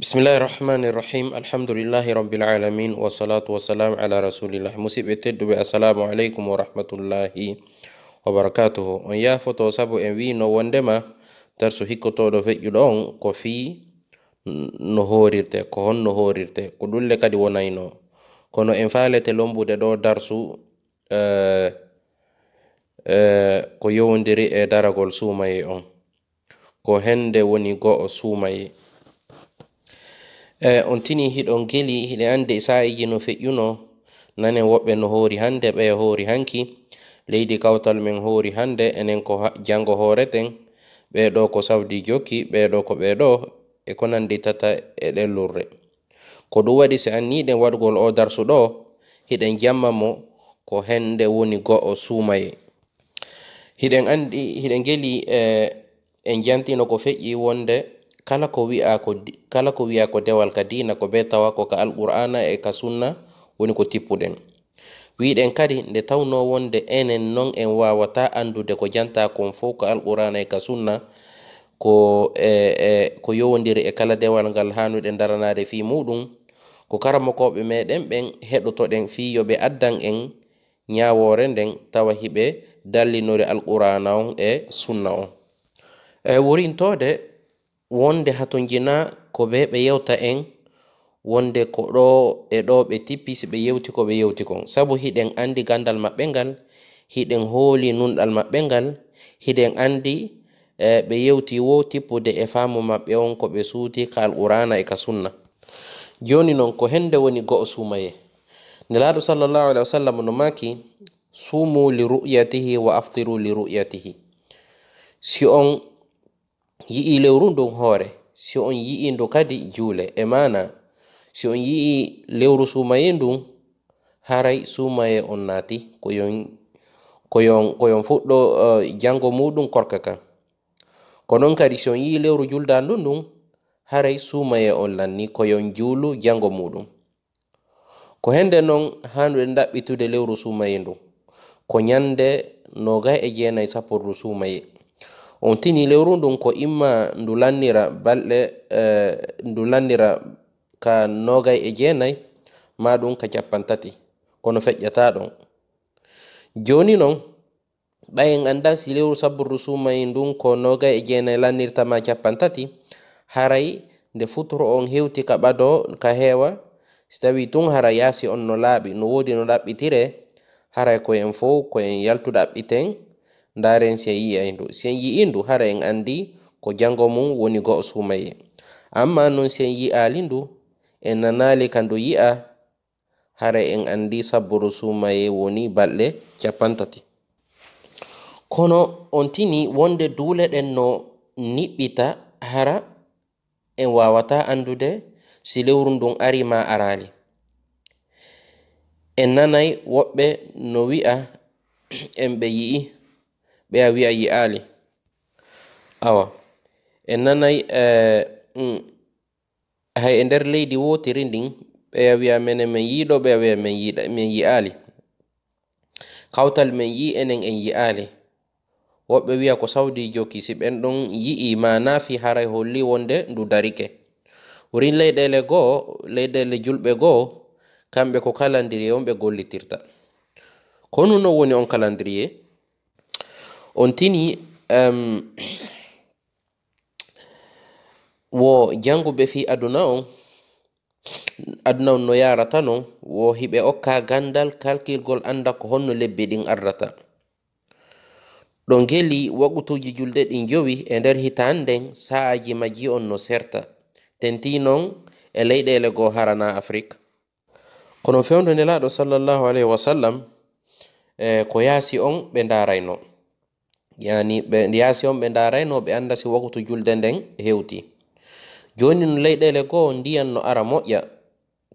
بسم الله الرحمن الرحيم الحمد لله رب العالمين والصلاة والسلام على رسول الله مصيبة تدوب السلام عليكم ورحمة الله وبركاته ويا فتو سابو ان وي نو وندما ترسو هيكو تو دو في يدون كو في نهوريرت كو هن نهوريرت كو دول لكا دي كو نو انفالة لومبو دو درسو اه اه كو يوندري اه دارا غول سوما يون كو هن دي وني غو سوما eyi eh, on tini hiɗon geli hiɗe annde sa'iji no feƴƴuno nane woɓɓe no hoori hannde ɓeye hoori hanki leydi kawtal men hoori hannde enen ko janngo hooreten ɓeeɗo ko sawdi jokki ɓeeɗo ko ɓeeɗo e ko nanndi tata e ɗellurre ko ɗum waɗi si anniiɗen waɗgol o darsu ɗo hiɗen jamma mo ko hennde woni go'o suumaye hiɗen anndi hiɗen geli e eh, en jantino ko feƴƴi wonde kala ko wi'a ko kala ko wi'a ko dewal ka dina ko be tawa ko ka alqur'ana e ka sunna woni ko tippuɗen wiɗen kadi nde tawno wonde enen noon en wawata andude ko janta kon fo ko alqur'ana e ka sunna ko eh, eh, ko yowodiri e kala dewal ngal hanuɗe daranade fi muɗum ko karamakoɓe meɗen ɓen heɗotoɗen fi yoɓe addan en ñawore nden tawa hiɓe dallinori alqur'ana on e sunna on eyi eh, worintode wonde hatojina ko ɓe ɓe yewta en wonde ko ɗo e ɗo ɓe tippisi ɓe yewti ko ɓe yewti kon sabu hiɗen andi gandal maɓɓe ngal hiɗen hooli nunɗal maɓɓe ngal hiɗen andi e, ɓe yewti wo tippude e faamu maɓɓe on ko ɓe suuti ka alqurana e ka sunna joni noon ko hende woni go'o suumaye nelaaɗo sallllahu alh wa sallam no maaki suumu li ru'yatihi wa aftiru li ru'yatihi si on yi'i lewru ndun hoore si on yi'i ndu kadi juule e mana si on yi'i lewru sumaye ndun haray sumaye on naati koyon koyon koyon fuɗɗo uh, e, jango muɗum korka kan konon kadi si on yi'i lewru juldandu ndun haray sumaye on lanni koyon juulu jango muɗum ko hende non hanuɗe ndaɓɓitude lewru sumaye ndun ko ñande noga e jeenayi sappo ndu e sumaye on tini lewru ndun ko imma ndu lannira balɗe eh, ndu lannira ka nogay e jeenayi ma ɗum ka capan tati kono feƴƴata ɗon joni non ɓayen anda si lewru sabburu sumayi ndun ko nogay e jeenayi lannirtama capan tati haray nde futuro on hewti ka ɓado ka heewa si tawi tun hara yaasi on no laaɓi no woodi no ɗaɓɓitire haray koyen fo koyen yaltuɗaɓɓiten ndaren sen yi aydu sen yi'indu hara en andi ko jango mum woni go'o sumaye amma non sen yi'ali ndu en nanali ka ndu yi'a hara en andi sabburu sumaye woni balɗe capantati kono on tini wonde duule ɗen no niɓɓita hara en wawata andude si lewru ndun ari ma arali en nanayi woɓɓe no wi'a en ɓe yi'i ɓe a wi'a yi'aali awa en nanay e, mm, hay e nder leydi wotiri ndin ɓe a wi'a mene min yiiɗo ɓe a wi'a min yi'aali kawtal min yi enen en yi'aali woɓɓe wi'a ko sawdijo kisi ɓen ɗon yi'i manafi haray holli wonde ndu darike wurin leyɗele goo leyɗele julɓe goo kamɓe ko kalandirie on ɓe gollitirta konu no woni on kalandirie on tini um, wo janguɓe fi aduna on aduna on no yarata non wo hiɓe okka gandal kalkilgol anda ko honno lebbi ɗin ardata ɗo geli wagutuji julde ɗin jowi e nder hitan nden sa'aji majji on no serta tenti non e leyɗele go harana afrique kono fewdo nelaɗo sallllahu alayhi wasallam e eh, ko yaasi on ɓe darayno yani ɓe yaasi on ɓe ndarayno ɓe annda si wakutu julde nden hewti joni no leyɗele goo ndiyan no ara moƴƴa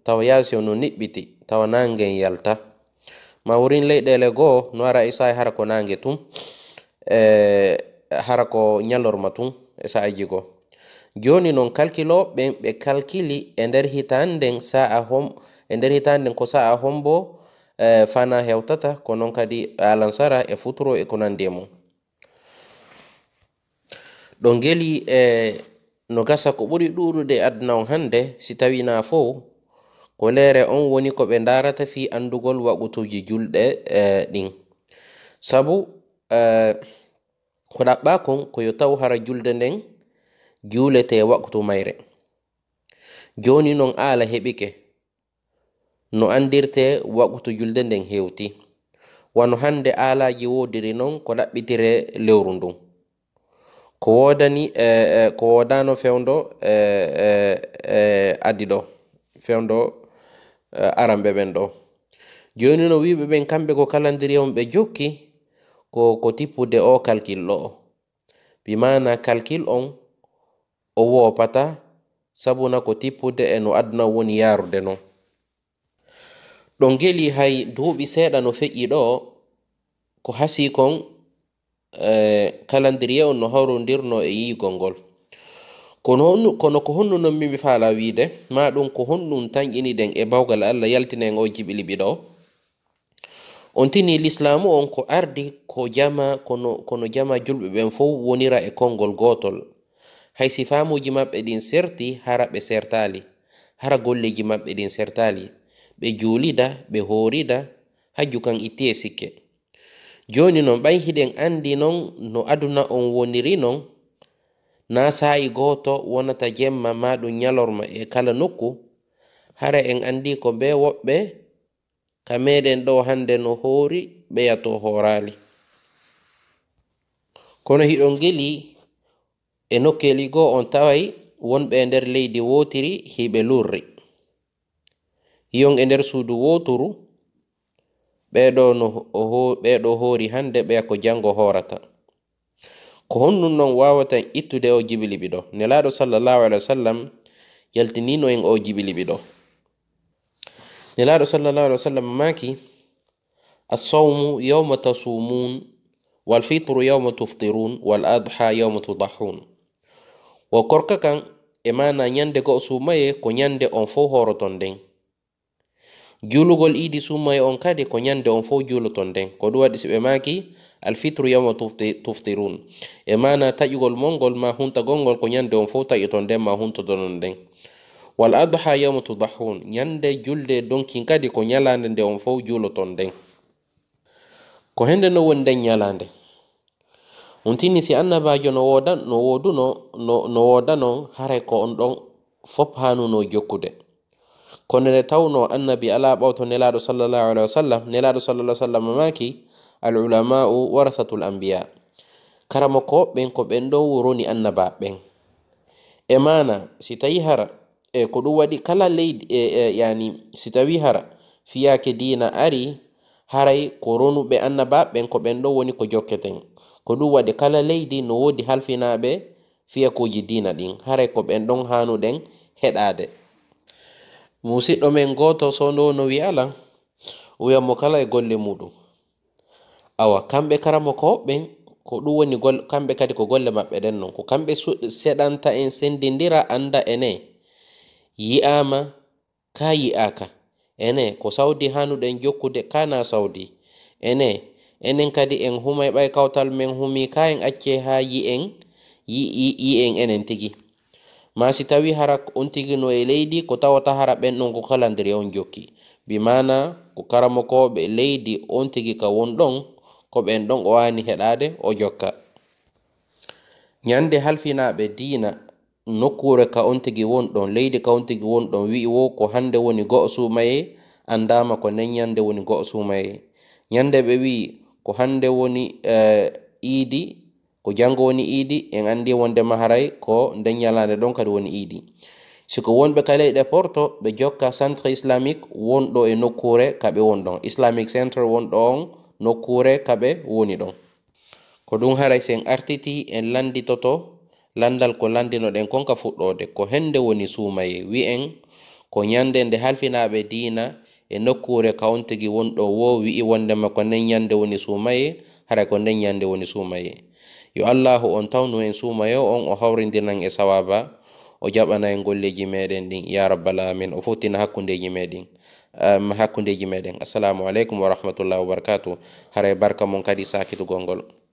tawa yaasi o no niɓɓiti tawa nangen yalta ma worin leyɗele goo no ara isaa e e hara ko nange tun e hara ko ñalorma tun esaajigo joni noon kalkiloɓen ɓe kalkili e nder hitanden saa hom e nder hitanden ko sa'a hombo e fana hewtata ko noon kadi alansara e futuro e ko nandi e mum ɗo geli e no gasa ko ɓuri ɗuɗude e aduna on hannde si tawina fof ko lere on woni ko ɓe darata fi andugol waɓutuji julɗe e ɗin sabu e, ko ɗaɓɓakon koyo taw hara julde nden julete waktu mayre joni non ala heɓike no andirte waktu julde nden hewti wano hande alaji wodiri non ko ɗaɓɓitire lewru ndun ko wodani e, e ko wodano fewdo e, e e addi ɗo fewdo e, arambe ɓen ɗo joni no wiɓe ɓen kamɓe ko kalandiriyaum ɓe jokki ko ko tippude o kalkil ɗo bimana kalkil on o wopata sabuna ko tippude e no aduna woni yarude no ɗo geli hay duuɓi seeɗa no feƴƴi ɗo ko hasi kon Eh, calendrier on no hawrodirno e yigol ngol kono ko honno non mimi faala wiide ma ɗum ko honɗum tan iniɗen e bawgal allah yaltinen o jiɓili ɓiɗo on tini l'islamu on ko ardi ko jama kono, kono jama julɓe ɓen fof wonira e konngol gotol hay si famuji maɓɓe ɗin serti hara ɓe sertali hara golleji maɓɓe ɗin sertali ɓe julida ɓe horida hajju kan itti e sikke joni non ɓay hiɗen andi non no aduna on woniri non na sa'i goto wonata jemma ma ɗum yalorma e kala nokku hara en andi ko be woɓɓe ka meɗen ɗo hande no hoori ɓeyato horali kono hiɗon geli e nokkeli goo on taway wonɓe nder leydi wotiri hiɓe lurri yon e nder suudu woturu ɓeɗo hoori hande ɓe ko jango horata ko honnun non wawatan ittude o jibiliɓiɗo nelaɗo sallallahu alah wa sallam yaltinino en o jibiliɓiɗo nelaɗo sallallahu alah wa sallam maki assawmu yawma tasumun walfitru yawma tuftirun wal adha yawma tudahun wo korka kan e mana ñande go o sumaye ko ñande on fo horoton nden juulugol iidi summay on kadi ko ñande on fof juuloton nden ko ɗum waɗi so ɓe maaki alfitru yawma tuftirun e mana taƴugol molngol ma hunta golngol ko ñande on fof taƴuton nden ma huntodonon nden wal adha yawma tudahun ñande julde donkin kadi ko ñalande nde on fof juuloton nden ko hende no woni nden ñalande un tinni si annabajo no woodan no wooduno no no woodanon haray ko on ɗon fop hanuno jokkude kono nde tawno annabi ala ɓawto nelaɗo sallllahu alahi wa sallam nelaɗo sallah ah sallam maki alulamau warathatul ambiya karama ko ɓen ko ɓen ɗo wuroni annaba ɓen e mana si tawi hara e ko ɗum waɗi kala leydi e, e, yani si tawi hara fiyake dina ari haray ko ronuɓe annaba ɓen ko ɓen ɗo woni ko jokketen ko ɗum waɗi kala leydi no wodi halfinaɓe fiyakuji dina ɗin haray ko ɓen ɗon hanuɗen heɗade musiɗɗo men goto sondo no wi'alan wiyanmo kala e golle muɗum awa kamɓe karamo koɓɓen ko ɗum woni kamɓe kadi ko golle maɓɓe ɗen non ko kamɓe seɗanta en sendidira anda ene yi'ama ka yi'aka ene ko sawdi hanuɗen jokkude kana sawdi ene enen kadi en humay ɓay kawtal men humi ka en acce ha yi en yi en enen tigi ma si tawi hara on tigino e leydi ko tawata hara ɓenɗon ko kala nder yon jokki bimana ko karamokoɓe leydi on tigi ka won ɗon ko ɓen ɗon o wani heɗade o jokka yande halfinaɓe dina nokkure ka on tigi wonɗon leydi ka on tigi wonɗon wi'i wo ko hande woni go'o sumaye andama ko nen yande woni go'o sumaye yande ɓe wi'i ko hande woni uh, iidi ko janngo woni iidi en anndi wondema haray ko nde ñalaande ɗon kadi woni iidi siko wonɓe kala e deporto ɓe jokka centre islamique wonɗo e nokkure kaɓe woni ɗon islamique centre wonɗo on nokkure kaɓe woni ɗon ko ɗum haray sen artiti en landitoto landal ko landinoɗen konka fuɗɗode ko hennde woni suumaye wi'en ko ñande nde halfinaɓe diina e nokkure kawntigi wonɗo wo wi'i wondema ko nden ñande woni suumaye haray ko nden ñande woni suumaye yo allahu on tawnu en suuma yo on o hawrindinan e sawaba o jaɓana en golleji meɗen ɗin ya rabbalamin o fottina hakkundeji meɗen um, hakkundeji meɗen assalamu aleykum wa rahmatullahi wa barakatu haara barka mon kadi sakitugol ngol